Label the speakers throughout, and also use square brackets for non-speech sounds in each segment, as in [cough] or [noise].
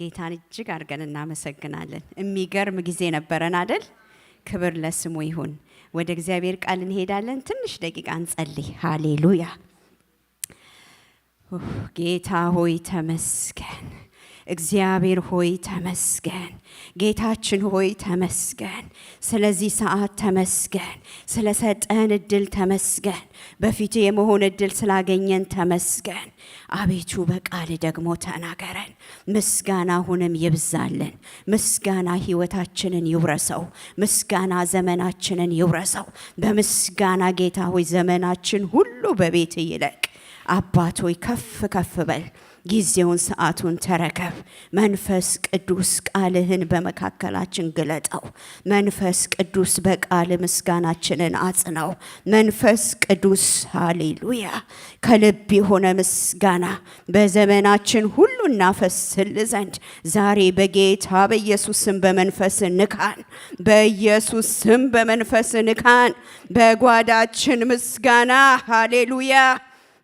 Speaker 1: ጌታን እጅግ አድርገን እናመሰግናለን። የሚገርም ጊዜ ነበረን አደል? ክብር ለስሙ ይሁን። ወደ እግዚአብሔር ቃል እንሄዳለን። ትንሽ ደቂቃ እንጸልይ። ሃሌሉያ። ጌታ ሆይ ተመስገን። እግዚአብሔር ሆይ ተመስገን። ጌታችን ሆይ ተመስገን። ስለዚህ ሰዓት ተመስገን። ስለሰጠን እድል ተመስገን። በፊት የመሆን እድል ስላገኘን ተመስገን። አቤቱ በቃል ደግሞ ተናገረን። ምስጋና አሁንም ይብዛልን። ምስጋና ህይወታችንን ይውረሰው። ምስጋና ዘመናችንን ይውረሰው። በምስጋና ጌታ ሆይ ዘመናችን ሁሉ በቤት ይለቅ። አባት ሆይ ከፍ ከፍ በል ጊዜውን ሰዓቱን ተረከብ። መንፈስ ቅዱስ ቃልህን በመካከላችን ግለጠው። መንፈስ ቅዱስ በቃል ምስጋናችንን አጽነው መንፈስ ቅዱስ ሃሌሉያ፣ ከልብ የሆነ ምስጋና በዘመናችን ሁሉ እናፈስል ዘንድ ዛሬ በጌታ በኢየሱስ ስም በመንፈስ ንካን፣ በኢየሱስ ስም በመንፈስ ንካን። በጓዳችን ምስጋና ሃሌሉያ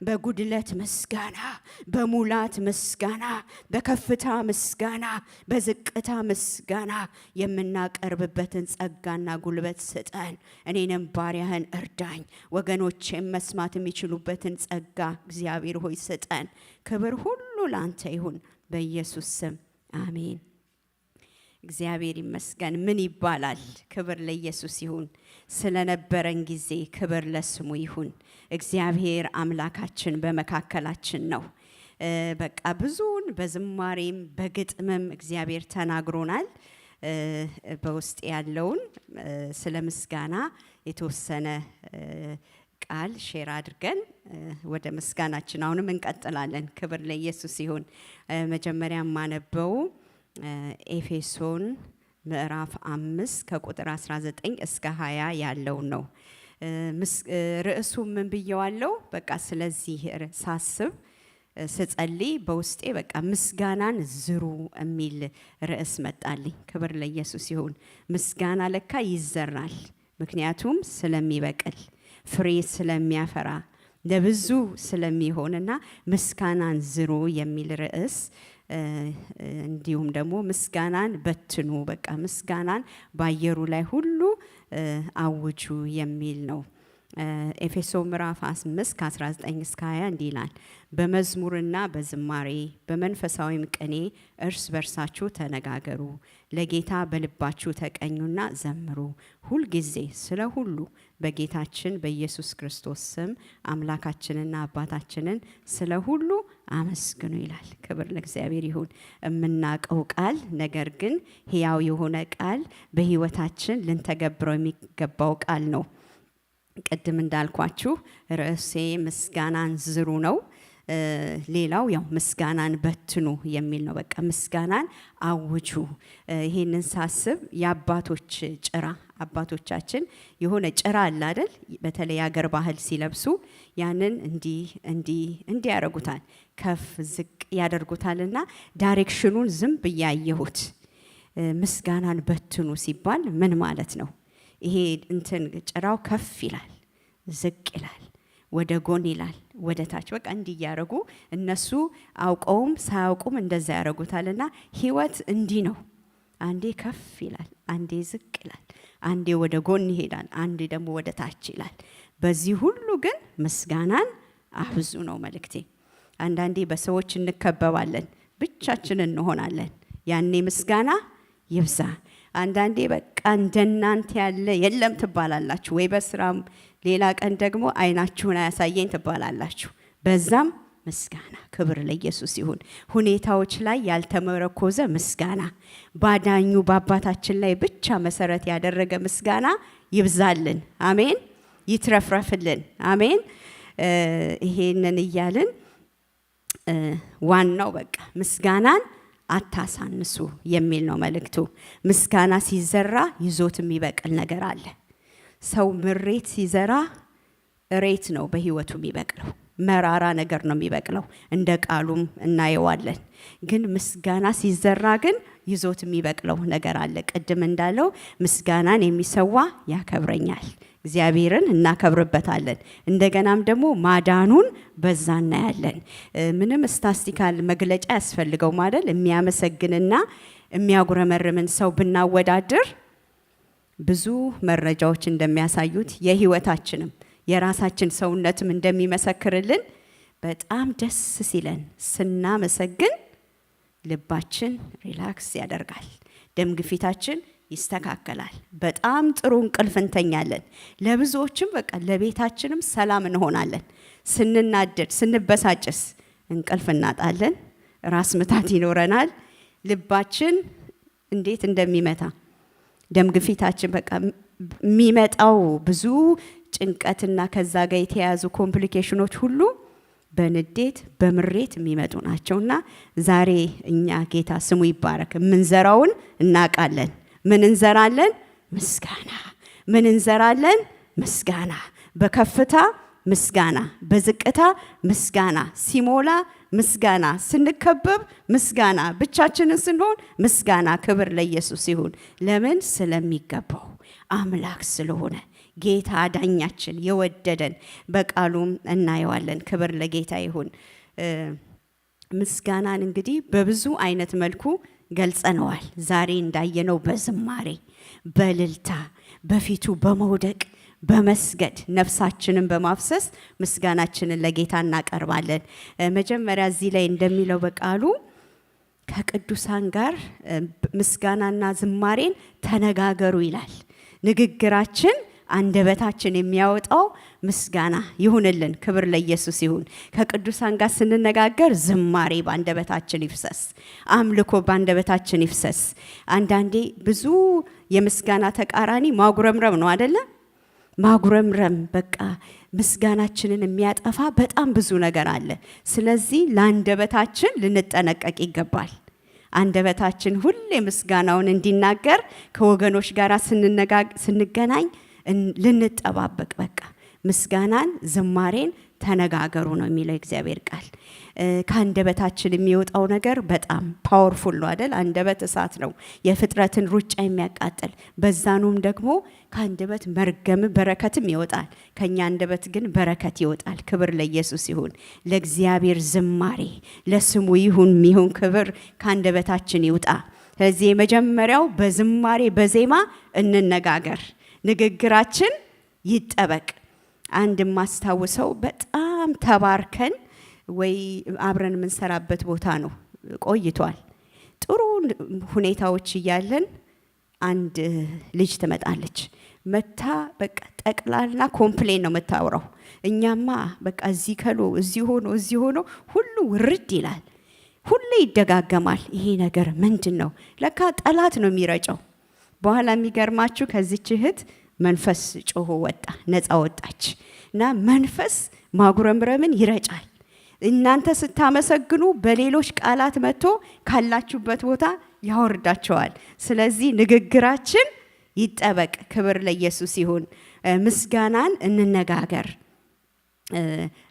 Speaker 1: በጉድለት ምስጋና፣ በሙላት ምስጋና፣ በከፍታ ምስጋና፣ በዝቅታ ምስጋና የምናቀርብበትን ጸጋና ጉልበት ስጠን። እኔንም ባሪያህን እርዳኝ። ወገኖቼም መስማት የሚችሉበትን ጸጋ እግዚአብሔር ሆይ ስጠን። ክብር ሁሉ ላንተ ይሁን፣ በኢየሱስ ስም አሜን። እግዚአብሔር ይመስገን። ምን ይባላል? ክብር ለኢየሱስ ይሁን። ስለነበረን ጊዜ ክብር ለስሙ ይሁን። እግዚአብሔር አምላካችን በመካከላችን ነው። በቃ ብዙውን በዝማሬም በግጥምም እግዚአብሔር ተናግሮናል። በውስጥ ያለውን ስለ ምስጋና የተወሰነ ቃል ሼር አድርገን ወደ ምስጋናችን አሁንም እንቀጥላለን። ክብር ለኢየሱስ ይሁን። መጀመሪያ ማነበው ኤፌሶን ምዕራፍ አምስት ከቁጥር 19 እስከ 20 ያለው ነው። ርዕሱ ምን ብየዋለው? በቃ ስለዚህ ሳስብ ስጸልይ በውስጤ በቃ ምስጋናን ዝሩ የሚል ርዕስ መጣልኝ። ክብር ለኢየሱስ ይሁን። ምስጋና ለካ ይዘራል፣ ምክንያቱም ስለሚበቅል ፍሬ ስለሚያፈራ ለብዙ ስለሚሆንና ምስጋናን ዝሩ የሚል ርዕስ እንዲሁም ደግሞ ምስጋናን በትኑ፣ በቃ ምስጋናን በአየሩ ላይ ሁሉ አውጁ የሚል ነው። ኤፌሶ ምዕራፍ 5 ከ19 እስከ 20 እንዲህ ይላል። በመዝሙርና በዝማሬ በመንፈሳዊም ቅኔ እርስ በርሳችሁ ተነጋገሩ፣ ለጌታ በልባችሁ ተቀኙና ዘምሩ። ሁልጊዜ ስለ ሁሉ በጌታችን በኢየሱስ ክርስቶስ ስም አምላካችንና አባታችንን ስለ ሁሉ አመስግኑ ይላል። ክብር ለእግዚአብሔር ይሁን። የምናውቀው ቃል ነገር ግን ሕያው የሆነ ቃል በሕይወታችን ልንተገብረው የሚገባው ቃል ነው። ቅድም እንዳልኳችሁ ርዕሴ ምስጋናን ዝሩ ነው። ሌላው ያው ምስጋናን በትኑ የሚል ነው። በቃ ምስጋናን አውጁ። ይሄንን ሳስብ የአባቶች ጭራ አባቶቻችን የሆነ ጭራ አለ አይደል? በተለይ አገር ባህል ሲለብሱ ያንን እንዲህ እንዲህ እንዲህ ያደርጉታል። ከፍ ዝቅ ያደርጉታልና ዳይሬክሽኑን ዝም ብያየሁት። ምስጋናን በትኑ ሲባል ምን ማለት ነው? ይሄ እንትን ጭራው ከፍ ይላል፣ ዝቅ ይላል፣ ወደ ጎን ይላል፣ ወደ ታች በቃ እንዲህ እያደረጉ እነሱ አውቀውም ሳያውቁም እንደዛ ያደርጉታልና ህይወት እንዲህ ነው። አንዴ ከፍ ይላል፣ አንዴ ዝቅ ይላል፣ አንዴ ወደ ጎን ይሄዳል፣ አንዴ ደግሞ ወደ ታች ይላል። በዚህ ሁሉ ግን ምስጋናን አብዙ ነው መልእክቴ። አንዳንዴ በሰዎች እንከበባለን፣ ብቻችን እንሆናለን። ያኔ ምስጋና ይብዛ። አንዳንዴ በቃ እንደናንተ ያለ የለም ትባላላችሁ፣ ወይ በስራም ሌላ ቀን ደግሞ አይናችሁን አያሳየኝ ትባላላችሁ። በዛም ምስጋና ክብር ለኢየሱስ ይሁን። ሁኔታዎች ላይ ያልተመረኮዘ ምስጋና፣ ባዳኙ በአባታችን ላይ ብቻ መሰረት ያደረገ ምስጋና ይብዛልን። አሜን። ይትረፍረፍልን። አሜን። ይሄንን እያልን ዋናው በቃ ምስጋናን አታሳንሱ የሚል ነው መልእክቱ። ምስጋና ሲዘራ ይዞት የሚበቅል ነገር አለ። ሰው ምሬት ሲዘራ እሬት ነው በህይወቱ የሚበቅለው። መራራ ነገር ነው የሚበቅለው። እንደ ቃሉም እናየዋለን። ግን ምስጋና ሲዘራ ግን ይዞት የሚበቅለው ነገር አለ። ቅድም እንዳለው ምስጋናን የሚሰዋ ያከብረኛል። እግዚአብሔርን እናከብርበታለን። እንደገናም ደግሞ ማዳኑን በዛ እናያለን። ምንም ስታስቲካል መግለጫ ያስፈልገው ማለል የሚያመሰግንና የሚያጉረመርምን ሰው ብናወዳድር ብዙ መረጃዎች እንደሚያሳዩት የህይወታችንም የራሳችን ሰውነትም እንደሚመሰክርልን በጣም ደስ ሲለን ስናመሰግን ልባችን ሪላክስ ያደርጋል። ደም ግፊታችን ይስተካከላል። በጣም ጥሩ እንቅልፍ እንተኛለን። ለብዙዎችም በቃ ለቤታችንም ሰላም እንሆናለን። ስንናደድ ስንበሳጭስ እንቅልፍ እናጣለን። ራስ ምታት ይኖረናል። ልባችን እንዴት እንደሚመታ ደም ግፊታችን በቃ የሚመጣው ብዙ ጭንቀትና ከዛ ጋር የተያያዙ ኮምፕሊኬሽኖች ሁሉ በንዴት በምሬት የሚመጡ ናቸውና ዛሬ እኛ ጌታ ስሙ ይባረክ የምንዘራውን እናውቃለን። ምን እንዘራለን? ምስጋና። ምን እንዘራለን? ምስጋና። በከፍታ ምስጋና፣ በዝቅታ ምስጋና፣ ሲሞላ ምስጋና፣ ስንከበብ ምስጋና፣ ብቻችንን ስንሆን ምስጋና። ክብር ለኢየሱስ ይሁን። ለምን? ስለሚገባው አምላክ ስለሆነ ጌታ ዳኛችን የወደደን በቃሉም እናየዋለን። ክብር ለጌታ ይሁን። ምስጋናን እንግዲህ በብዙ አይነት መልኩ ገልጸነዋል። ዛሬ እንዳየነው በዝማሬ በልልታ በፊቱ በመውደቅ በመስገድ ነፍሳችንን በማፍሰስ ምስጋናችንን ለጌታ እናቀርባለን። መጀመሪያ እዚህ ላይ እንደሚለው በቃሉ ከቅዱሳን ጋር ምስጋናና ዝማሬን ተነጋገሩ ይላል። ንግግራችን አንደበታችን የሚያወጣው ምስጋና ይሁንልን። ክብር ለኢየሱስ ይሁን። ከቅዱሳን ጋር ስንነጋገር ዝማሬ በአንደበታችን ይፍሰስ፣ አምልኮ በአንደበታችን ይፍሰስ። አንዳንዴ ብዙ የምስጋና ተቃራኒ ማጉረምረም ነው አደለ? ማጉረምረም በቃ ምስጋናችንን የሚያጠፋ በጣም ብዙ ነገር አለ። ስለዚህ ለአንደበታችን ልንጠነቀቅ ይገባል። አንደበታችን ሁሌ ምስጋናውን እንዲናገር ከወገኖች ጋር ስንገናኝ ልንጠባበቅ በቃ ምስጋናን፣ ዝማሬን ተነጋገሩ ነው የሚለው እግዚአብሔር ቃል። ከአንደበታችን የሚወጣው ነገር በጣም ፓወርፉል ነው አይደል? አንደበት እሳት ነው፣ የፍጥረትን ሩጫ የሚያቃጥል። በዛኑም ደግሞ ከአንደበት መርገም በረከትም ይወጣል። ከኛ አንደበት ግን በረከት ይወጣል። ክብር ለኢየሱስ ይሁን። ለእግዚአብሔር ዝማሬ ለስሙ ይሁን የሚሆን ክብር ከአንደበታችን ይውጣ። ስለዚህ የመጀመሪያው በዝማሬ በዜማ እንነጋገር። ንግግራችን ይጠበቅ። አንድ የማስታውሰው በጣም ተባርከን ወይ አብረን የምንሰራበት ቦታ ነው ቆይቷል። ጥሩ ሁኔታዎች እያለን አንድ ልጅ ትመጣለች። መታ በቃ ጠቅላላ ኮምፕሌን ነው የምታውረው እኛማ በቃ እዚህ ከሎ እዚህ ሆኖ እዚህ ሆኖ ሁሉ ውርድ ይላል። ሁሌ ይደጋገማል። ይሄ ነገር ምንድን ነው? ለካ ጠላት ነው የሚረጨው። በኋላ የሚገርማችሁ ከዚች እህት መንፈስ ጮሆ ወጣ፣ ነፃ ወጣች እና መንፈስ ማጉረምረምን ይረጫል። እናንተ ስታመሰግኑ በሌሎች ቃላት መጥቶ ካላችሁበት ቦታ ያወርዳቸዋል። ስለዚህ ንግግራችን ይጠበቅ። ክብር ለኢየሱስ ይሁን። ምስጋናን እንነጋገር።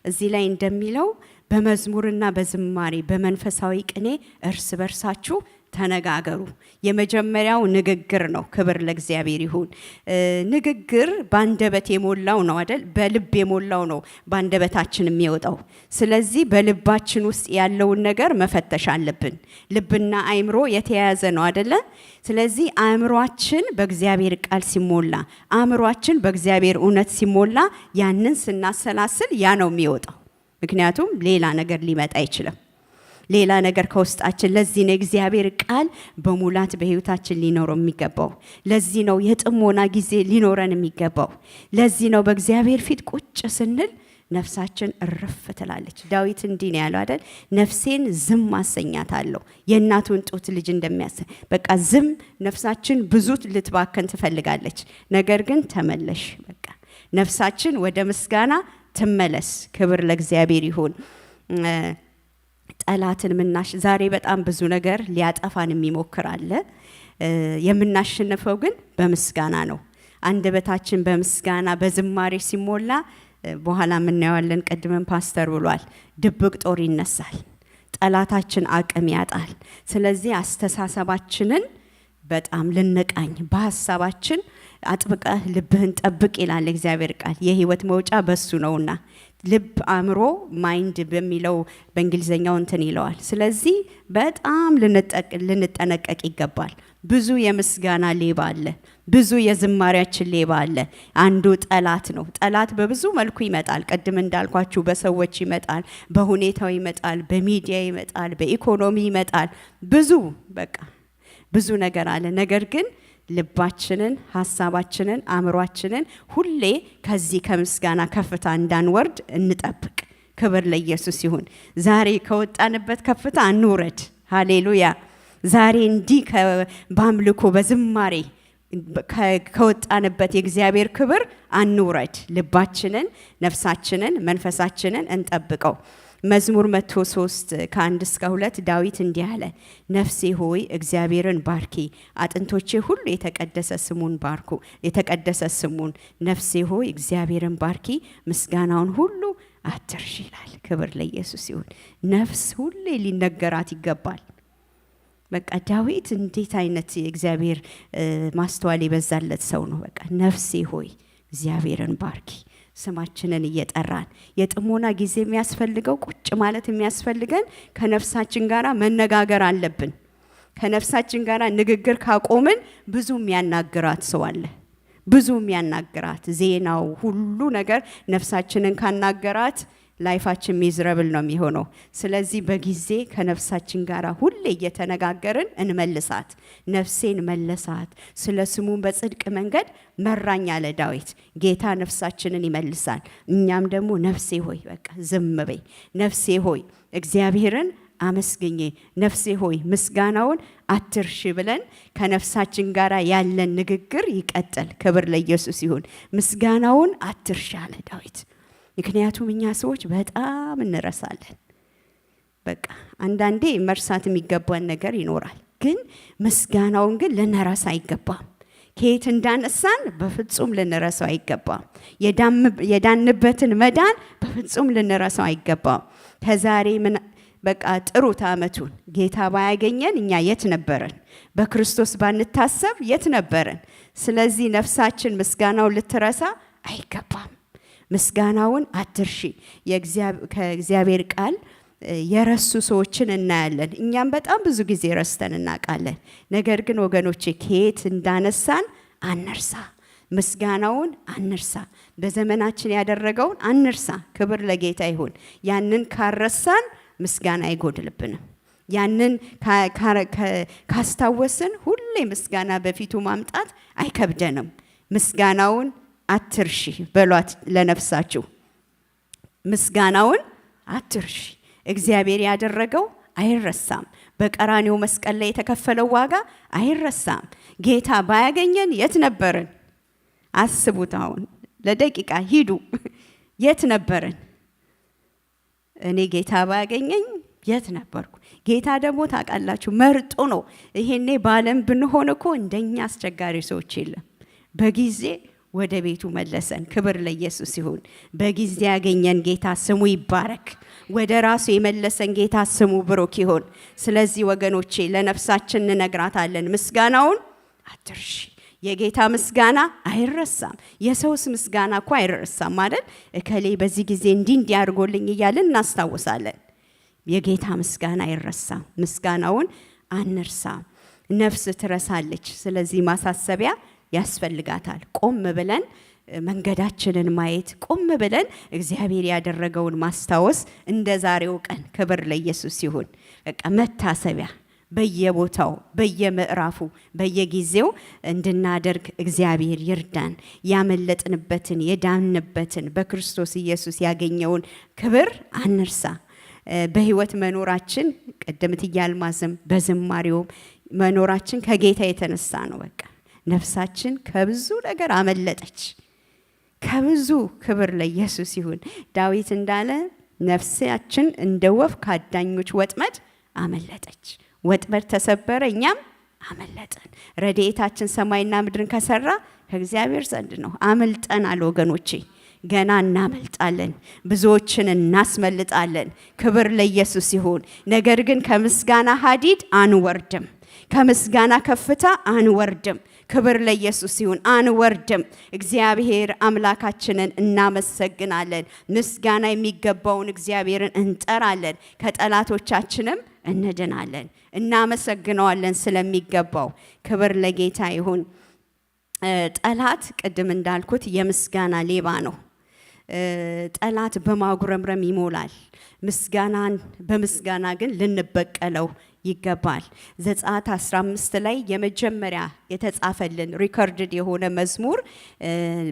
Speaker 1: እዚህ ላይ እንደሚለው በመዝሙርና በዝማሬ በመንፈሳዊ ቅኔ እርስ በርሳችሁ ተነጋገሩ። የመጀመሪያው ንግግር ነው። ክብር ለእግዚአብሔር ይሁን። ንግግር ባንደበት የሞላው ነው አይደል? በልብ የሞላው ነው ባንደበታችን የሚወጣው። ስለዚህ በልባችን ውስጥ ያለውን ነገር መፈተሽ አለብን። ልብና አእምሮ የተያያዘ ነው አይደለ? ስለዚህ አእምሯችን በእግዚአብሔር ቃል ሲሞላ፣ አእምሯችን በእግዚአብሔር እውነት ሲሞላ፣ ያንን ስናሰላስል ያ ነው የሚወጣው። ምክንያቱም ሌላ ነገር ሊመጣ አይችልም። ሌላ ነገር ከውስጣችን። ለዚህ ነው የእግዚአብሔር ቃል በሙላት በህይወታችን ሊኖረው የሚገባው። ለዚህ ነው የጥሞና ጊዜ ሊኖረን የሚገባው። ለዚህ ነው በእግዚአብሔር ፊት ቁጭ ስንል ነፍሳችን እርፍ ትላለች። ዳዊት እንዲህ ነው ያለው አይደል? ነፍሴን ዝም አሰኛታለሁ የእናቱን ጡት ልጅ እንደሚያሰ በቃ ዝም ነፍሳችን ብዙ ልትባከን ትፈልጋለች። ነገር ግን ተመለሽ፣ በቃ ነፍሳችን ወደ ምስጋና ትመለስ። ክብር ለእግዚአብሔር ይሁን። ጠላትን ምናሽ ዛሬ በጣም ብዙ ነገር ሊያጠፋን የሚሞክር አለ። የምናሸንፈው ግን በምስጋና ነው። አንደበታችን በምስጋና በዝማሬ ሲሞላ በኋላ የምናየዋለን። ቅድምን ፓስተር ብሏል፣ ድብቅ ጦር ይነሳል፣ ጠላታችን አቅም ያጣል። ስለዚህ አስተሳሰባችንን በጣም ልንቃኝ፣ በሀሳባችን አጥብቀህ ልብህን ጠብቅ ይላል እግዚአብሔር ቃል። የህይወት መውጫ በሱ ነውና ልብ አእምሮ ማይንድ በሚለው በእንግሊዝኛው እንትን ይለዋል። ስለዚህ በጣም ልንጠነቀቅ ይገባል። ብዙ የምስጋና ሌባ አለ። ብዙ የዝማሪያችን ሌባ አለ። አንዱ ጠላት ነው። ጠላት በብዙ መልኩ ይመጣል። ቅድም እንዳልኳችሁ በሰዎች ይመጣል፣ በሁኔታው ይመጣል፣ በሚዲያ ይመጣል፣ በኢኮኖሚ ይመጣል። ብዙ በቃ ብዙ ነገር አለ። ነገር ግን ልባችንን፣ ሀሳባችንን፣ አእምሯችንን ሁሌ ከዚህ ከምስጋና ከፍታ እንዳንወርድ እንጠብቅ። ክብር ለኢየሱስ ይሁን። ዛሬ ከወጣንበት ከፍታ እንውረድ። ሃሌሉያ። ዛሬ እንዲህ በአምልኮ በዝማሬ ከወጣንበት የእግዚአብሔር ክብር አንውረድ። ልባችንን፣ ነፍሳችንን፣ መንፈሳችንን እንጠብቀው። መዝሙር መቶ ሶስት ከአንድ እስከ ሁለት ዳዊት እንዲህ አለ፣ ነፍሴ ሆይ እግዚአብሔርን ባርኪ፣ አጥንቶቼ ሁሉ የተቀደሰ ስሙን ባርኩ። የተቀደሰ ስሙን ነፍሴ ሆይ እግዚአብሔርን ባርኪ፣ ምስጋናውን ሁሉ አትርሽ ይላል። ክብር ለኢየሱስ ይሁን። ነፍስ ሁሌ ሊነገራት ይገባል። በቃ ዳዊት እንዴት አይነት የእግዚአብሔር ማስተዋል የበዛለት ሰው ነው። በቃ ነፍሴ ሆይ እግዚአብሔርን ባርኪ ስማችንን እየጠራን የጥሞና ጊዜ የሚያስፈልገው ቁጭ ማለት የሚያስፈልገን ከነፍሳችን ጋር መነጋገር አለብን። ከነፍሳችን ጋር ንግግር ካቆምን ብዙ የሚያናግራት ሰው አለ። ብዙ የሚያናግራት ዜናው ሁሉ ነገር ነፍሳችንን ካናገራት ላይፋችን ሚዝረብል ነው የሚሆነው። ስለዚህ በጊዜ ከነፍሳችን ጋር ሁሌ እየተነጋገርን እንመልሳት። ነፍሴን መለሳት፣ ስለ ስሙን በጽድቅ መንገድ መራኝ አለ ዳዊት። ጌታ ነፍሳችንን ይመልሳል። እኛም ደግሞ ነፍሴ ሆይ በቃ ዝም በይ፣ ነፍሴ ሆይ እግዚአብሔርን አመስግኜ ነፍሴ ሆይ ምስጋናውን አትርሺ ብለን ከነፍሳችን ጋር ያለን ንግግር ይቀጥል። ክብር ለኢየሱስ ይሁን። ምስጋናውን አትርሺ አለ ዳዊት። ምክንያቱም እኛ ሰዎች በጣም እንረሳለን። በቃ አንዳንዴ መርሳት የሚገባን ነገር ይኖራል። ግን ምስጋናውን ግን ልንረሳ አይገባም። ከየት እንዳነሳን በፍጹም ልንረሳው አይገባም። የዳንበትን መዳን በፍጹም ልንረሳው አይገባም። ከዛሬ በቃ ጥሩት ዓመቱን ጌታ ባያገኘን እኛ የት ነበረን? በክርስቶስ ባንታሰብ የት ነበረን? ስለዚህ ነፍሳችን ምስጋናው ልትረሳ አይገባም። ምስጋናውን አትርሺ። ከእግዚአብሔር ቃል የረሱ ሰዎችን እናያለን። እኛም በጣም ብዙ ጊዜ ረስተን እናውቃለን። ነገር ግን ወገኖቼ ከየት እንዳነሳን አንርሳ። ምስጋናውን አንርሳ። በዘመናችን ያደረገውን አንርሳ። ክብር ለጌታ ይሁን። ያንን ካረሳን ምስጋና አይጎድልብንም። ያንን ካስታወስን ሁሌ ምስጋና በፊቱ ማምጣት አይከብደንም። ምስጋናውን አትርሺ በሏት ለነፍሳችሁ ምስጋናውን አትርሺ። እግዚአብሔር ያደረገው አይረሳም። በቀራኔው መስቀል ላይ የተከፈለው ዋጋ አይረሳም። ጌታ ባያገኘን የት ነበርን? አስቡት። አሁን ለደቂቃ ሂዱ። [laughs] የት ነበርን? እኔ ጌታ ባያገኘኝ የት ነበርኩ? ጌታ ደግሞ ታውቃላችሁ መርጦ ነው። ይሄኔ በዓለም ብንሆን እኮ እንደኛ አስቸጋሪ ሰዎች የለም በጊዜ ወደ ቤቱ መለሰን። ክብር ለኢየሱስ ይሁን። በጊዜ ያገኘን ጌታ ስሙ ይባረክ። ወደ ራሱ የመለሰን ጌታ ስሙ ብሩክ ይሁን። ስለዚህ ወገኖቼ ለነፍሳችን እንነግራታለን፣ ምስጋናውን አትርሺ። የጌታ ምስጋና አይረሳም። የሰውስ ምስጋና እኮ አይረሳም አይደል? እከሌ በዚህ ጊዜ እንዲህ እንዲህ አድርጎልኝ እናስታውሳለን። የጌታ ምስጋና አይረሳም። ምስጋናውን አንርሳ። ነፍስ ትረሳለች። ስለዚህ ማሳሰቢያ ያስፈልጋታል። ቆም ብለን መንገዳችንን ማየት፣ ቆም ብለን እግዚአብሔር ያደረገውን ማስታወስ። እንደ ዛሬው ቀን ክብር ለኢየሱስ ይሁን። በቃ መታሰቢያ በየቦታው በየምዕራፉ በየጊዜው እንድናደርግ እግዚአብሔር ይርዳን። ያመለጥንበትን የዳንበትን በክርስቶስ ኢየሱስ ያገኘውን ክብር አንርሳ። በህይወት መኖራችን ቀደምት እያልማዝም በዝማሬውም መኖራችን ከጌታ የተነሳ ነው በቃ ነፍሳችን ከብዙ ነገር አመለጠች። ከብዙ ክብር ለኢየሱስ ይሁን። ዳዊት እንዳለ ነፍሳችን እንደ ወፍ ከአዳኞች ወጥመድ አመለጠች። ወጥመድ ተሰበረ፣ እኛም አመለጠን። ረድኤታችን ሰማይና ምድርን ከሰራ ከእግዚአብሔር ዘንድ ነው። አመልጠናል ወገኖቼ። ገና እናመልጣለን፣ ብዙዎችን እናስመልጣለን። ክብር ለኢየሱስ ይሁን። ነገር ግን ከምስጋና ሀዲድ አንወርድም፣ ከምስጋና ከፍታ አንወርድም። ክብር ለኢየሱስ ይሁን። አንወርድም። እግዚአብሔር አምላካችንን እናመሰግናለን። ምስጋና የሚገባውን እግዚአብሔርን እንጠራለን። ከጠላቶቻችንም እንድናለን። እናመሰግነዋለን ስለሚገባው። ክብር ለጌታ ይሁን። ጠላት ቅድም እንዳልኩት የምስጋና ሌባ ነው። ጠላት በማጉረምረም ይሞላል፣ ምስጋናን በምስጋና ግን ልንበቀለው ይገባል። ዘጸአት 15 ላይ የመጀመሪያ የተጻፈልን ሪከርድድ የሆነ መዝሙር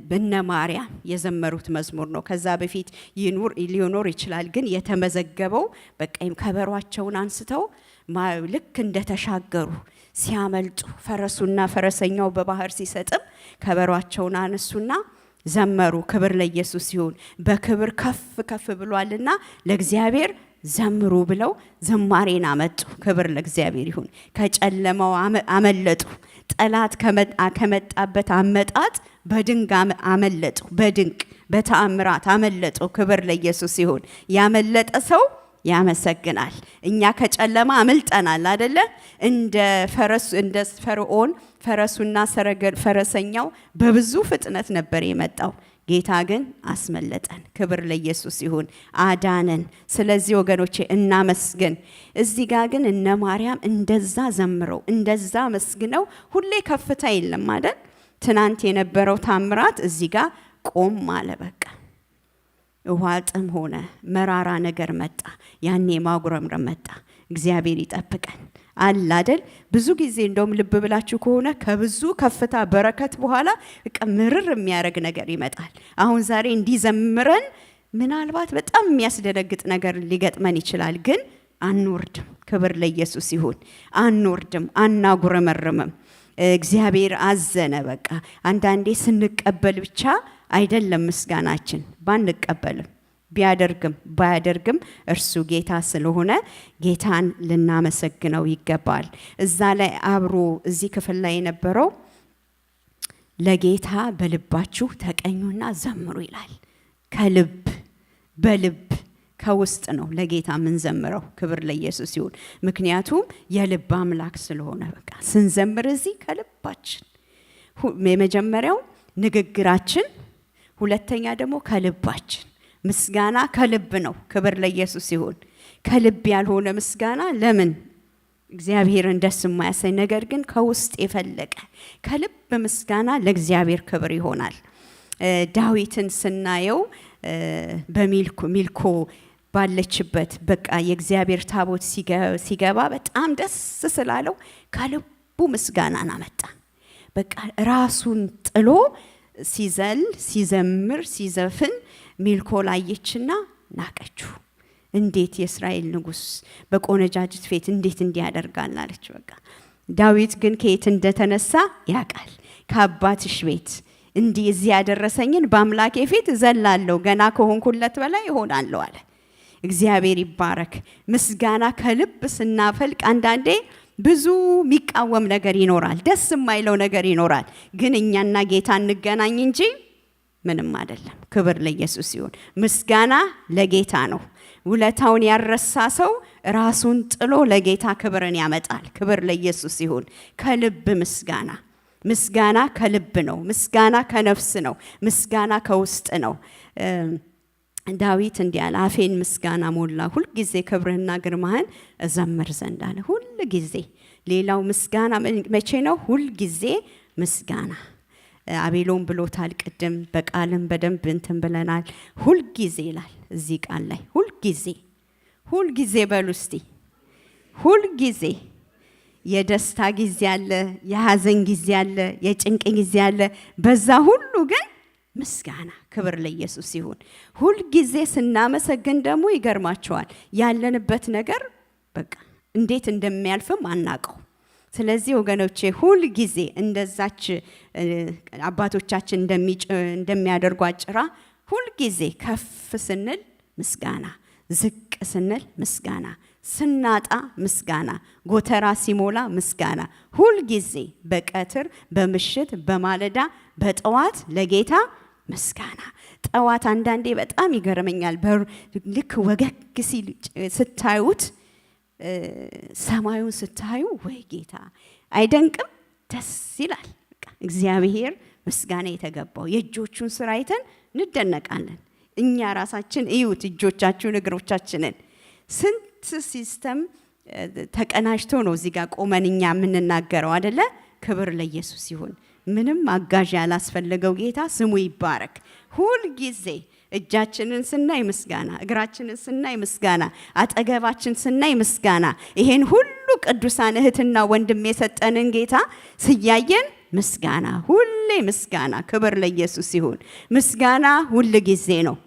Speaker 1: በነ ማርያም የዘመሩት መዝሙር ነው። ከዛ በፊት ይኑር ሊኖር ይችላል፣ ግን የተመዘገበው በቀኝ ከበሯቸውን አንስተው ልክ እንደተሻገሩ ሲያመልጡ ፈረሱና ፈረሰኛው በባህር ሲሰጥም ከበሯቸውን አነሱና ዘመሩ። ክብር ለኢየሱስ ይሁን። በክብር ከፍ ከፍ ብሏልና ለእግዚአብሔር ዘምሩ ብለው ዝማሬን አመጡ። ክብር ለእግዚአብሔር ይሁን። ከጨለማው አመለጡ። ጠላት ከመጣበት አመጣጥ በድንግ አመለጡ። በድንቅ በተአምራት አመለጡ። ክብር ለኢየሱስ ይሁን። ያመለጠ ሰው ያመሰግናል። እኛ ከጨለማ አምልጠናል አደለ? እንደ ፈረሱ እንደ ፈርዖን ፈረሱና ፈረሰኛው በብዙ ፍጥነት ነበር የመጣው። ጌታ ግን አስመለጠን። ክብር ለኢየሱስ ይሁን፣ አዳነን። ስለዚህ ወገኖቼ እናመስግን። እዚህ ጋር ግን እነ ማርያም እንደዛ ዘምረው እንደዛ መስግነው፣ ሁሌ ከፍታ የለም አደል? ትናንት የነበረው ታምራት እዚህ ጋር ቆም አለ በቃ ውሃ ጥም ሆነ፣ መራራ ነገር መጣ፣ ያኔ ማጉረምረም መጣ። እግዚአብሔር ይጠብቀን አለ አይደል? ብዙ ጊዜ እንደውም ልብ ብላችሁ ከሆነ ከብዙ ከፍታ በረከት በኋላ እቃ ምርር የሚያደርግ ነገር ይመጣል። አሁን ዛሬ እንዲዘምረን ምናልባት በጣም የሚያስደነግጥ ነገር ሊገጥመን ይችላል፣ ግን አንወርድም። ክብር ለኢየሱስ ይሁን። አንወርድም፣ አናጉረመርምም። እግዚአብሔር አዘነ። በቃ አንዳንዴ ስንቀበል ብቻ አይደለም ምስጋናችን ባንቀበልም ቢያደርግም ባያደርግም እርሱ ጌታ ስለሆነ ጌታን ልናመሰግነው ይገባል። እዛ ላይ አብሮ እዚህ ክፍል ላይ የነበረው ለጌታ በልባችሁ ተቀኙና ዘምሩ ይላል። ከልብ በልብ ከውስጥ ነው ለጌታ የምንዘምረው። ክብር ለኢየሱስ ይሁን። ምክንያቱም የልብ አምላክ ስለሆነ በቃ ስንዘምር እዚህ ከልባችን የመጀመሪያው ንግግራችን ሁለተኛ ደግሞ ከልባችን ምስጋና ከልብ ነው። ክብር ለኢየሱስ ይሁን። ከልብ ያልሆነ ምስጋና ለምን እግዚአብሔርን ደስ የማያሰኝ ነገር ግን ከውስጥ የፈለቀ ከልብ ምስጋና ለእግዚአብሔር ክብር ይሆናል። ዳዊትን ስናየው በሚልኮ ሚልኮ ባለችበት በቃ የእግዚአብሔር ታቦት ሲገባ በጣም ደስ ስላለው ከልቡ ምስጋናን አመጣ። በቃ ራሱን ጥሎ ሲዘል ሲዘምር ሲዘፍን ሚልኮል አየችና ናቀችው። እንዴት የእስራኤል ንጉስ በቆነጃጅት ፌት እንዴት እንዲያደርጋል አለች። በቃ ዳዊት ግን ከየት እንደተነሳ ያውቃል። ከአባትሽ ቤት እንዲህ እዚህ ያደረሰኝን በአምላኬ ፊት እዘላለሁ፣ ገና ከሆንኩለት በላይ ይሆናለሁ አለ። እግዚአብሔር ይባረክ። ምስጋና ከልብ ስናፈልቅ አንዳንዴ ብዙ የሚቃወም ነገር ይኖራል፣ ደስ የማይለው ነገር ይኖራል። ግን እኛና ጌታ እንገናኝ እንጂ ምንም አይደለም። ክብር ለኢየሱስ ይሁን። ምስጋና ለጌታ ነው። ውለታውን ያረሳ ሰው ራሱን ጥሎ ለጌታ ክብርን ያመጣል። ክብር ለኢየሱስ ይሁን። ከልብ ምስጋና ምስጋና ከልብ ነው። ምስጋና ከነፍስ ነው። ምስጋና ከውስጥ ነው። ዳዊት እንዲህ አለ፣ አፌን ምስጋና ሞላ፣ ሁልጊዜ ክብርህና ግርማህን እዘምር ዘንድ አለ። ሁል ጊዜ ሌላው ምስጋና መቼ ነው? ሁልጊዜ ምስጋና አቤሎን ብሎታል። ቅድም በቃልም በደንብ እንትን ብለናል። ሁልጊዜ ይላል እዚህ ቃል ላይ ሁልጊዜ ሁልጊዜ በሉ እስቲ ሁልጊዜ የደስታ ጊዜ አለ፣ የሀዘን ጊዜ አለ፣ የጭንቅ ጊዜ አለ። በዛ ሁሉ ግን ምስጋና ክብር ለኢየሱስ ይሁን። ሁልጊዜ ስናመሰግን ደግሞ ይገርማቸዋል። ያለንበት ነገር በቃ እንዴት እንደሚያልፍም አናቀው። ስለዚህ ወገኖቼ ሁል ጊዜ እንደዛች አባቶቻችን እንደሚያደርጉ ጭራ ሁል ጊዜ ከፍ ስንል ምስጋና፣ ዝቅ ስንል ምስጋና፣ ስናጣ ምስጋና፣ ጎተራ ሲሞላ ምስጋና። ሁል ጊዜ በቀትር፣ በምሽት፣ በማለዳ፣ በጠዋት ለጌታ ምስጋና ጠዋት አንዳንዴ በጣም ይገርመኛል። ልክ ወገግ ሲል ስታዩት ሰማዩን ስታዩ ወይ ጌታ አይደንቅም? ደስ ይላል። እግዚአብሔር ምስጋና የተገባው የእጆቹን ስራ አይተን እንደነቃለን። እኛ ራሳችን እዩት እጆቻችሁን እግሮቻችንን። ስንት ሲስተም ተቀናጅቶ ነው እዚህ ጋር ቆመን እኛ የምንናገረው አደለ? ክብር ለኢየሱስ ይሁን። ምንም አጋዥ ያላስፈለገው ጌታ ስሙ ይባረክ። ሁል ጊዜ እጃችንን ስናይ ምስጋና፣ እግራችንን ስናይ ምስጋና፣ አጠገባችን ስናይ ምስጋና። ይሄን ሁሉ ቅዱሳን እህትና ወንድም የሰጠንን ጌታ ስያየን ምስጋና፣ ሁሌ ምስጋና። ክብር ለኢየሱስ ይሁን። ምስጋና ሁል ጊዜ ነው።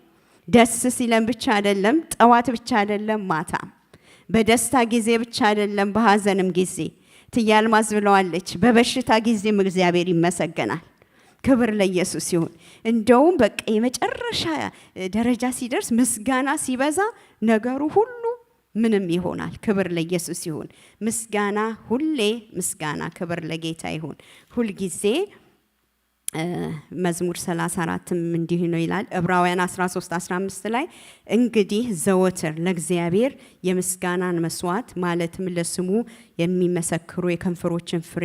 Speaker 1: ደስ ሲለን ብቻ አይደለም፣ ጠዋት ብቻ አይደለም፣ ማታ በደስታ ጊዜ ብቻ አይደለም፣ በሀዘንም ጊዜ ትያልማዝ ብለዋለች። በበሽታ ጊዜም እግዚአብሔር ይመሰገናል። ክብር ለኢየሱስ ይሁን። እንደውም በቃ የመጨረሻ ደረጃ ሲደርስ ምስጋና ሲበዛ ነገሩ ሁሉ ምንም ይሆናል። ክብር ለኢየሱስ ይሁን። ምስጋና ሁሌ ምስጋና፣ ክብር ለጌታ ይሁን ሁልጊዜ መዝሙር 34ም እንዲህ ነው ይላል። ዕብራውያን 13 15 ላይ እንግዲህ ዘወትር ለእግዚአብሔር የምስጋናን መስዋዕት ማለትም ለስሙ የሚመሰክሩ የከንፈሮችን ፍሬ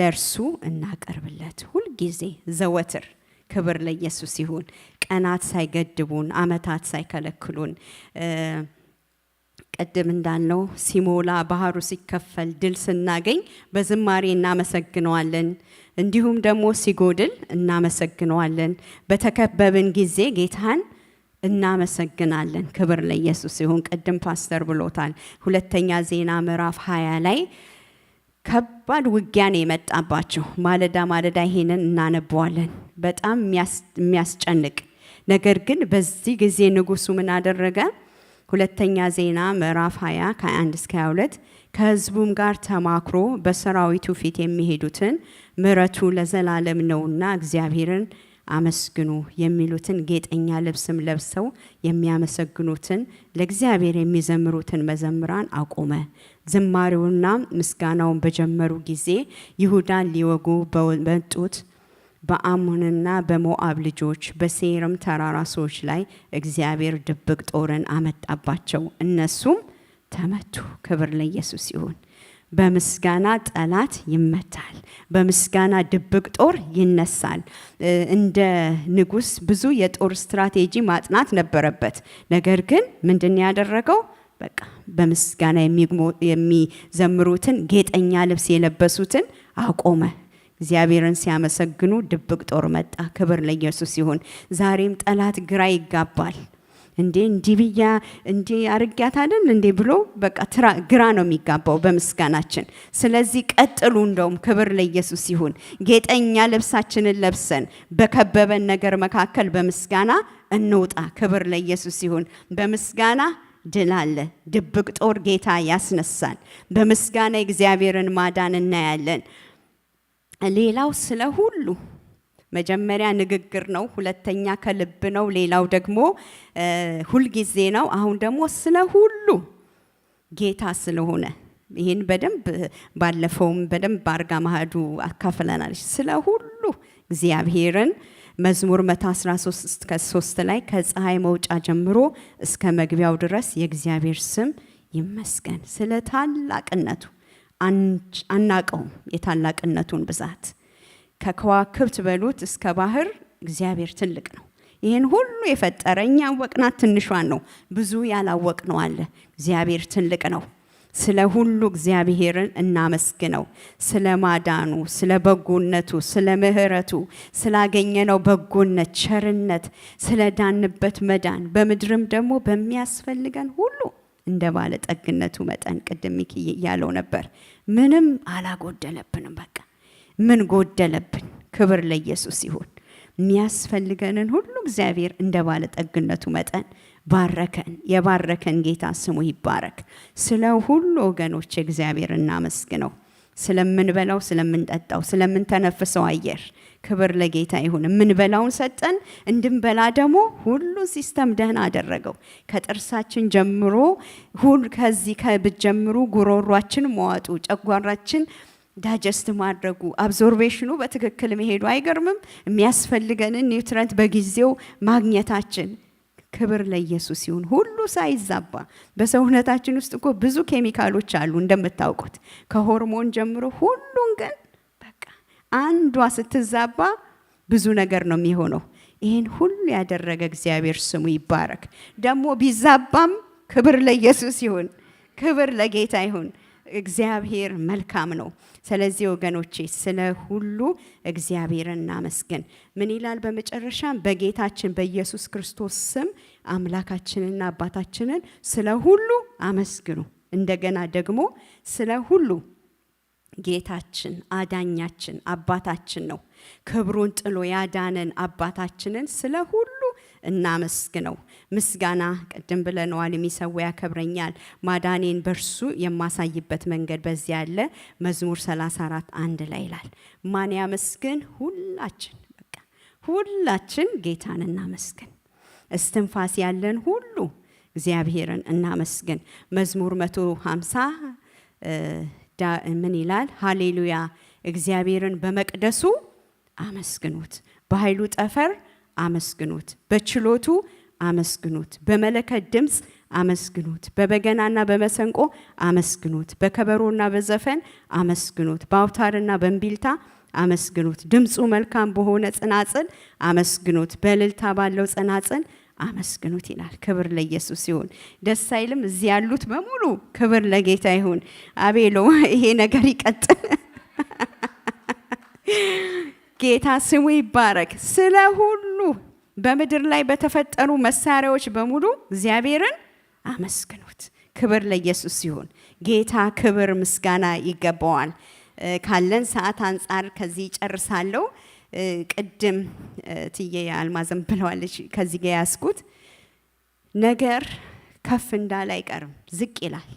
Speaker 1: ለእርሱ እናቀርብለት። ሁልጊዜ ዘወትር ክብር ለኢየሱስ ይሁን። ቀናት ሳይገድቡን፣ አመታት ሳይከለክሉን ቅድም እንዳልነው ሲሞላ ባህሩ ሲከፈል ድል ስናገኝ በዝማሬ እናመሰግነዋለን። እንዲሁም ደግሞ ሲጎድል እናመሰግነዋለን። በተከበብን ጊዜ ጌታን እናመሰግናለን። ክብር ለኢየሱስ ይሁን። ቅድም ፓስተር ብሎታል። ሁለተኛ ዜና ምዕራፍ ሀያ ላይ ከባድ ውጊያን የመጣባቸው ማለዳ ማለዳ ይሄንን እናነበዋለን። በጣም የሚያስጨንቅ ነገር ግን በዚህ ጊዜ ንጉሱ ምን አደረገ? ሁለተኛ ዜና ምዕራፍ 20 ከ21 እስከ 22 ከህዝቡም ጋር ተማክሮ በሰራዊቱ ፊት የሚሄዱትን ምረቱ ለዘላለም ነውና እግዚአብሔርን አመስግኑ የሚሉትን ጌጠኛ ልብስም ለብሰው የሚያመሰግኑትን ለእግዚአብሔር የሚዘምሩትን መዘምራን አቆመ። ዝማሬውና ምስጋናውን በጀመሩ ጊዜ ይሁዳን ሊወጉ በመጡት በአሞንና በሞአብ ልጆች በሴርም ተራራ ሰዎች ላይ እግዚአብሔር ድብቅ ጦርን አመጣባቸው፣ እነሱም ተመቱ። ክብር ለኢየሱስ ይሁን። በምስጋና ጠላት ይመታል። በምስጋና ድብቅ ጦር ይነሳል። እንደ ንጉስ ብዙ የጦር ስትራቴጂ ማጥናት ነበረበት። ነገር ግን ምንድን ያደረገው? በቃ በምስጋና የሚዘምሩትን ጌጠኛ ልብስ የለበሱትን አቆመ። እግዚአብሔርን ሲያመሰግኑ ድብቅ ጦር መጣ። ክብር ለኢየሱስ ይሁን። ዛሬም ጠላት ግራ ይጋባል። እንዴ እንዲህ ብያ እንዴ አርጊያት አይደል እንዴ ብሎ በቃ ግራ ነው የሚጋባው በምስጋናችን። ስለዚህ ቀጥሉ። እንደውም ክብር ለኢየሱስ ይሁን። ጌጠኛ ልብሳችንን ለብሰን በከበበን ነገር መካከል በምስጋና እንውጣ። ክብር ለኢየሱስ ይሁን። በምስጋና ድል አለ። ድብቅ ጦር ጌታ ያስነሳል። በምስጋና እግዚአብሔርን ማዳን እናያለን። ሌላው ስለ ሁሉ መጀመሪያ ንግግር ነው፣ ሁለተኛ ከልብ ነው፣ ሌላው ደግሞ ሁልጊዜ ነው። አሁን ደግሞ ስለ ሁሉ ጌታ ስለሆነ ይህን በደንብ ባለፈውም በደንብ አርጋ ማህዱ አካፍለናለች። ስለ ሁሉ እግዚአብሔርን መዝሙር 113 እስከ 3 ላይ ከፀሐይ መውጫ ጀምሮ እስከ መግቢያው ድረስ የእግዚአብሔር ስም ይመስገን ስለ ታላቅነቱ አናቀውም የታላቅነቱን ብዛት። ከከዋክብት በሉት እስከ ባህር እግዚአብሔር ትልቅ ነው። ይህን ሁሉ የፈጠረ እኛ ያወቅናት ትንሿን ነው። ብዙ ያላወቅነው አለ። እግዚአብሔር ትልቅ ነው። ስለ ሁሉ እግዚአብሔርን እናመስግነው። ስለ ማዳኑ፣ ስለ በጎነቱ፣ ስለ ምህረቱ ስላገኘነው በጎነት፣ ቸርነት፣ ስለ ዳንበት መዳን በምድርም ደግሞ በሚያስፈልገን ሁሉ እንደ ባለ ጠግነቱ መጠን ቅድም ሚኪዬ እያለው ነበር። ምንም አላጎደለብንም። በቃ ምን ጎደለብን? ክብር ለኢየሱስ ይሁን። የሚያስፈልገንን ሁሉ እግዚአብሔር እንደ ባለ ጠግነቱ መጠን ባረከን። የባረከን ጌታ ስሙ ይባረክ። ስለ ሁሉ ወገኖች እግዚአብሔር እናመስግነው። ስለምንበላው፣ ስለምንጠጣው፣ ስለምንተነፍሰው አየር ክብር ለጌታ ይሁን። የምንበላውን ሰጠን፣ እንድንበላ ደግሞ ሁሉ ሲስተም ደህና አደረገው። ከጥርሳችን ጀምሮ ሁሉ ከዚህ ጀምሮ ጉሮሯችን መዋጡ፣ ጨጓራችን ዳጀስት ማድረጉ አብዞርቤሽኑ በትክክል መሄዱ አይገርምም። የሚያስፈልገንን ኒውትረንት በጊዜው ማግኘታችን ክብር ለኢየሱስ ይሁን። ሁሉ ሳይዛባ በሰውነታችን ውስጥ እኮ ብዙ ኬሚካሎች አሉ እንደምታውቁት ከሆርሞን ጀምሮ ሁሉን ግን አንዷ ስትዛባ ብዙ ነገር ነው የሚሆነው። ይህን ሁሉ ያደረገ እግዚአብሔር ስሙ ይባረክ። ደግሞ ቢዛባም ክብር ለኢየሱስ ይሁን፣ ክብር ለጌታ ይሁን። እግዚአብሔር መልካም ነው። ስለዚህ ወገኖቼ ስለ ሁሉ እግዚአብሔር እናመስግን። ምን ይላል? በመጨረሻም በጌታችን በኢየሱስ ክርስቶስ ስም አምላካችንና አባታችንን ስለ ሁሉ አመስግኑ። እንደገና ደግሞ ስለ ሁሉ ጌታችን አዳኛችን አባታችን ነው። ክብሩን ጥሎ ያዳነን አባታችንን ስለ ሁሉ እናመስግነው። ምስጋና ቅድም ብለነዋል፣ የሚሰዋ ያከብረኛል፣ ማዳኔን በርሱ የማሳይበት መንገድ በዚህ ያለ መዝሙር 34 አንድ ላይ ይላል። ማን ያመስግን? ሁላችን በቃ ሁላችን ጌታን እናመስግን። እስትንፋስ ያለን ሁሉ እግዚአብሔርን እናመስግን። መዝሙር መቶ ሃምሳ ምን ይላል? ሃሌሉያ እግዚአብሔርን በመቅደሱ አመስግኑት፣ በኃይሉ ጠፈር አመስግኑት፣ በችሎቱ አመስግኑት፣ በመለከት ድምፅ አመስግኑት፣ በበገናና በመሰንቆ አመስግኑት፣ በከበሮና በዘፈን አመስግኑት፣ በአውታርና በእምቢልታ አመስግኑት፣ ድምፁ መልካም በሆነ ጽናጽል አመስግኑት፣ በእልልታ ባለው ጽናጽል አመስግኑት ይላል። ክብር ለኢየሱስ ይሁን። ደስ አይልም? እዚህ ያሉት በሙሉ ክብር ለጌታ ይሁን። አቤሎ [laughs] ይሄ ነገር ይቀጥል። [laughs] ጌታ ስሙ ይባረክ። ስለ ሁሉ በምድር ላይ በተፈጠሩ መሳሪያዎች በሙሉ እግዚአብሔርን አመስግኑት። ክብር ለኢየሱስ ይሁን። ጌታ ክብር ምስጋና ይገባዋል። ካለን ሰዓት አንጻር ከዚህ ጨርሳለሁ። ቅድም ትዬ አልማዘም ብለዋለች። ከዚህ ጋ ያስኩት ነገር ከፍ እንዳለ አይቀርም፣ ዝቅ ይላል።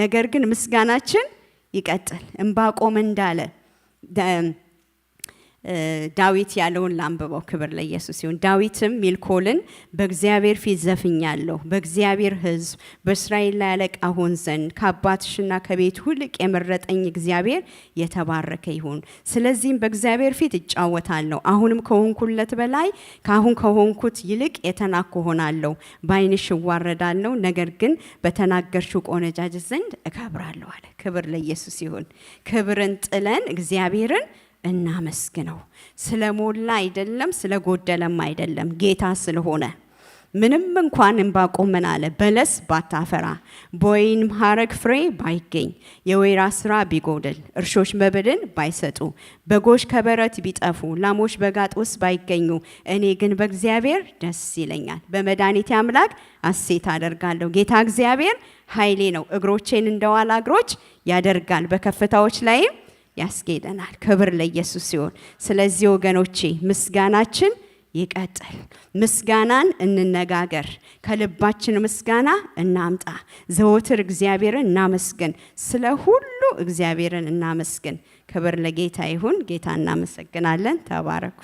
Speaker 1: ነገር ግን ምስጋናችን ይቀጥል። እምባቆም እንዳለ ዳዊት ያለውን ላንብበው። ክብር ለኢየሱስ ይሁን። ዳዊትም ሚልኮልን በእግዚአብሔር ፊት ዘፍኛለሁ፣ በእግዚአብሔር ሕዝብ በእስራኤል ላይ አለቃ ሆን ዘንድ ከአባትሽና ከቤት ሁልቅ የመረጠኝ እግዚአብሔር የተባረከ ይሁን። ስለዚህም በእግዚአብሔር ፊት እጫወታለሁ፣ አሁንም ከሆንኩለት በላይ ከአሁን ከሆንኩት ይልቅ የተናኩ ሆናለሁ። በዓይንሽ እዋረዳለሁ፣ ነገር ግን በተናገርሽው ቆነጃጅ ዘንድ እከብራለሁ አለ። ክብር ለኢየሱስ ይሁን። ክብርን ጥለን እግዚአብሔርን እናመስግነው። ስለ ሞላ አይደለም፣ ስለ ጎደለም አይደለም፣ ጌታ ስለሆነ ምንም እንኳን ዕንባቆም ምን አለ? በለስ ባታፈራ በወይን ሐረግ ፍሬ ባይገኝ የወይራ ስራ ቢጎድል እርሾች መብልን ባይሰጡ በጎች ከበረት ቢጠፉ ላሞች በጋጥ ውስጥ ባይገኙ እኔ ግን በእግዚአብሔር ደስ ይለኛል፣ በመድኃኒቴ አምላክ አሴት አደርጋለሁ። ጌታ እግዚአብሔር ኃይሌ ነው፣ እግሮቼን እንደዋላ እግሮች ያደርጋል፣ በከፍታዎች ላይም ያስጌደናል ክብር ለኢየሱስ ሲሆን፣ ስለዚህ ወገኖቼ ምስጋናችን ይቀጥል። ምስጋናን እንነጋገር፣ ከልባችን ምስጋና እናምጣ። ዘወትር እግዚአብሔርን እናመስግን፣ ስለ ሁሉ እግዚአብሔርን እናመስግን። ክብር ለጌታ ይሁን። ጌታ እናመሰግናለን። ተባረኩ።